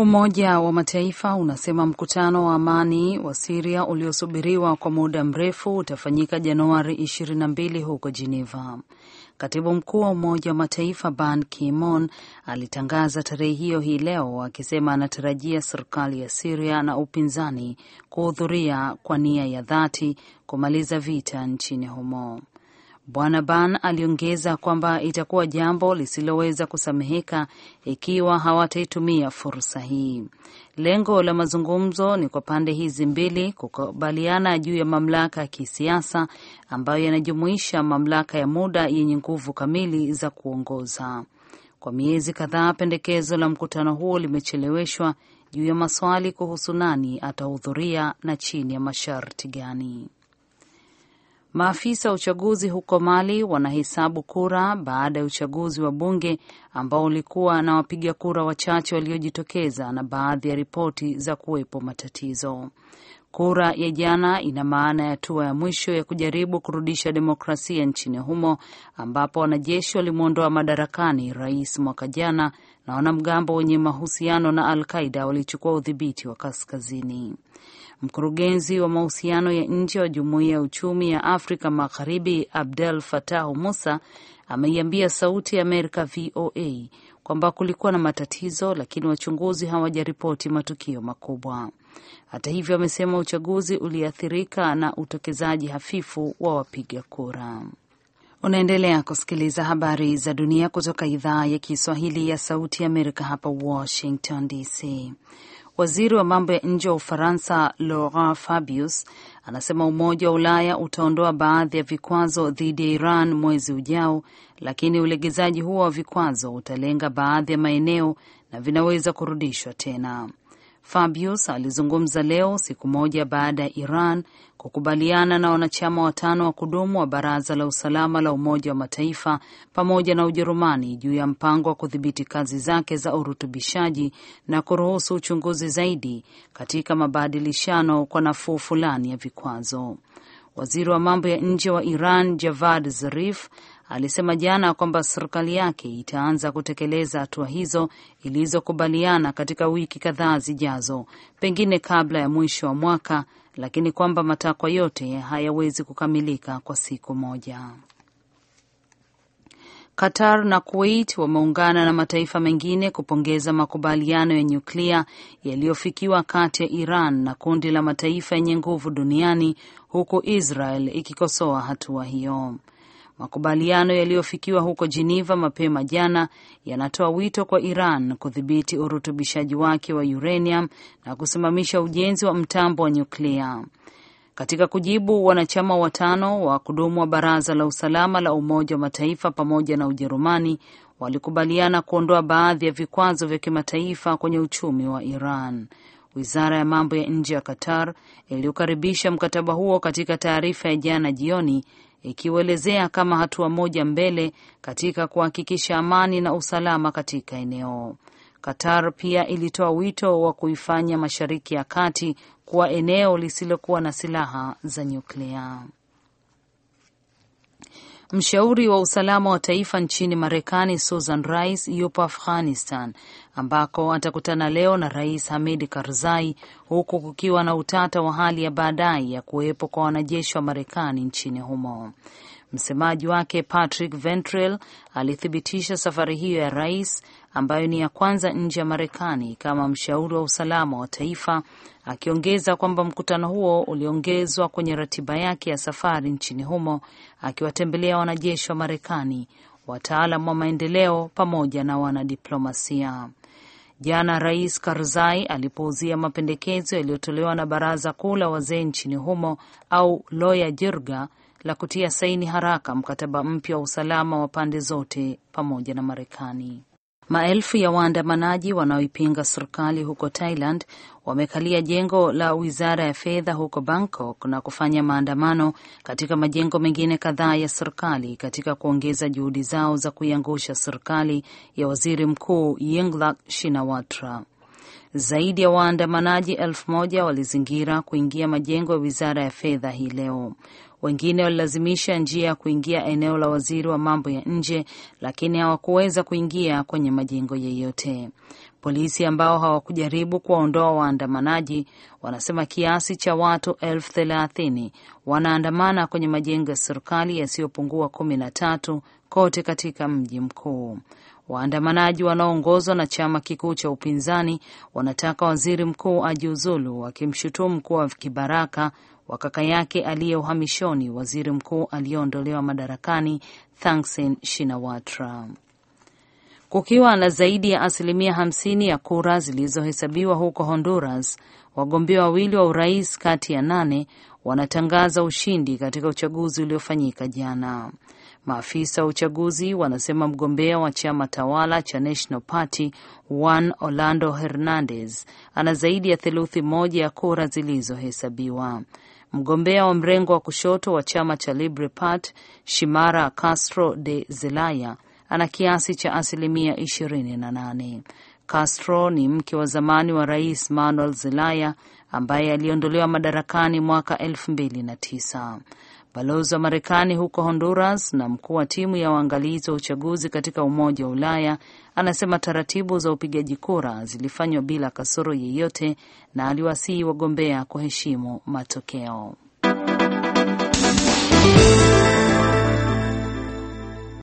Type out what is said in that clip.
Umoja wa Mataifa unasema mkutano wa amani wa Siria uliosubiriwa kwa muda mrefu utafanyika Januari 22 huko Geneva. Katibu mkuu wa Umoja wa Mataifa Ban Ki-moon alitangaza tarehe hiyo hii leo akisema anatarajia serikali ya Siria na upinzani kuhudhuria kwa nia ya dhati kumaliza vita nchini humo. Bwana Ban aliongeza kwamba itakuwa jambo lisiloweza kusameheka ikiwa hawataitumia fursa hii. Lengo la mazungumzo ni kwa pande hizi mbili kukubaliana juu ya mamlaka ya kisiasa ambayo yanajumuisha mamlaka ya muda yenye nguvu kamili za kuongoza. Kwa miezi kadhaa, pendekezo la mkutano huo limecheleweshwa juu ya maswali kuhusu nani atahudhuria na chini ya masharti gani. Maafisa wa uchaguzi huko Mali wanahesabu kura baada ya uchaguzi wa bunge ambao ulikuwa na wapiga kura wachache waliojitokeza na baadhi ya ripoti za kuwepo matatizo. Kura ya jana ina maana ya hatua ya mwisho ya kujaribu kurudisha demokrasia nchini humo ambapo wanajeshi walimwondoa madarakani rais mwaka jana na wanamgambo wenye mahusiano na Al Qaida walichukua udhibiti wa kaskazini. Mkurugenzi wa mahusiano ya nje wa Jumuiya ya Uchumi ya Afrika Magharibi Abdel Fatahu Musa ameiambia Sauti ya Amerika VOA kwamba kulikuwa na matatizo, lakini wachunguzi hawajaripoti matukio makubwa. Hata hivyo, amesema uchaguzi uliathirika na utokezaji hafifu wa wapiga kura. Unaendelea kusikiliza habari za dunia kutoka idhaa ya Kiswahili ya Sauti ya Amerika hapa Washington DC. Waziri wa mambo ya nje wa Ufaransa Laurent Fabius anasema Umoja wa Ulaya utaondoa baadhi ya vikwazo dhidi ya Iran mwezi ujao, lakini ulegezaji huo wa vikwazo utalenga baadhi ya maeneo na vinaweza kurudishwa tena. Fabius alizungumza leo siku moja baada ya Iran kukubaliana na wanachama watano wa kudumu wa Baraza la Usalama la Umoja wa Mataifa pamoja na Ujerumani juu ya mpango wa kudhibiti kazi zake za urutubishaji na kuruhusu uchunguzi zaidi katika mabadilishano kwa nafuu fulani ya vikwazo. Waziri wa mambo ya nje wa Iran Javad Zarif alisema jana kwamba serikali yake itaanza kutekeleza hatua hizo ilizokubaliana katika wiki kadhaa zijazo, pengine kabla ya mwisho wa mwaka, lakini kwamba matakwa yote hayawezi kukamilika kwa siku moja. Qatar na Kuwait wameungana na mataifa mengine kupongeza makubaliano ya nyuklia yaliyofikiwa kati ya Iran na kundi la mataifa yenye nguvu duniani huku Israel ikikosoa hatua hiyo. Makubaliano yaliyofikiwa huko Geneva mapema jana yanatoa wito kwa Iran kudhibiti urutubishaji wake wa uranium na kusimamisha ujenzi wa mtambo wa nyuklia. Katika kujibu, wanachama watano wa kudumu wa Baraza la Usalama la Umoja wa Mataifa pamoja na Ujerumani walikubaliana kuondoa baadhi ya vikwazo vya kimataifa kwenye uchumi wa Iran. Wizara ya mambo ya nje ya Qatar iliyokaribisha mkataba huo katika taarifa ya jana jioni ikiuelezea kama hatua moja mbele katika kuhakikisha amani na usalama katika eneo. Qatar pia ilitoa wito wa kuifanya Mashariki ya Kati kuwa eneo lisilokuwa na silaha za nyuklia. Mshauri wa usalama wa taifa nchini Marekani Susan Rice yupo Afghanistan ambako atakutana leo na Rais Hamid Karzai, huku kukiwa na utata wa hali ya baadaye ya kuwepo kwa wanajeshi wa Marekani nchini humo. Msemaji wake Patrick Ventrell alithibitisha safari hiyo ya rais ambayo ni ya kwanza nje ya Marekani kama mshauri wa usalama wa taifa, akiongeza kwamba mkutano huo uliongezwa kwenye ratiba yake ya safari nchini humo, akiwatembelea wanajeshi wa Marekani, wataalam wa maendeleo pamoja na wanadiplomasia. Jana Rais Karzai alipouzia mapendekezo yaliyotolewa na baraza kuu la wazee nchini humo au Loya Jirga la kutia saini haraka mkataba mpya wa usalama wa pande zote pamoja na Marekani. Maelfu ya waandamanaji wanaoipinga serikali huko Thailand wamekalia jengo la wizara ya fedha huko Bangkok na kufanya maandamano katika majengo mengine kadhaa ya serikali katika kuongeza juhudi zao za kuiangusha serikali ya waziri mkuu Yingluck Shinawatra. Zaidi ya waandamanaji elfu moja walizingira kuingia majengo ya wizara ya fedha hii leo. Wengine walilazimisha njia ya kuingia eneo la waziri wa mambo ya nje, lakini hawakuweza kuingia kwenye majengo yeyote. Polisi ambao hawakujaribu kuwaondoa waandamanaji wanasema kiasi cha watu elfu thelathini wanaandamana kwenye majengo ya serikali yasiyopungua kumi na tatu kote katika mji mkuu. Waandamanaji wanaoongozwa na chama kikuu cha upinzani wanataka waziri mkuu ajiuzulu, wakimshutumu kuwa kibaraka wa kaka yake aliye uhamishoni, waziri mkuu aliyeondolewa madarakani Thaksin Shinawatra. Kukiwa na zaidi ya asilimia hamsini ya kura zilizohesabiwa huko Honduras, wagombea wawili wa urais kati ya nane wanatangaza ushindi katika uchaguzi uliofanyika jana. Maafisa wa uchaguzi wanasema mgombea wa chama tawala cha National Party Juan Orlando Hernandez ana zaidi ya theluthi moja ya kura zilizohesabiwa. Mgombea wa mrengo wa kushoto wa chama cha Libre Part Shimara Castro de Zelaya ana kiasi cha asilimia 28. Castro ni mke wa zamani wa rais Manuel Zelaya ambaye aliondolewa madarakani mwaka 29 Balozi wa Marekani huko Honduras na mkuu wa timu ya waangalizi wa uchaguzi katika Umoja wa Ulaya anasema taratibu za upigaji kura zilifanywa bila kasoro yeyote na aliwasihi wagombea kuheshimu matokeo.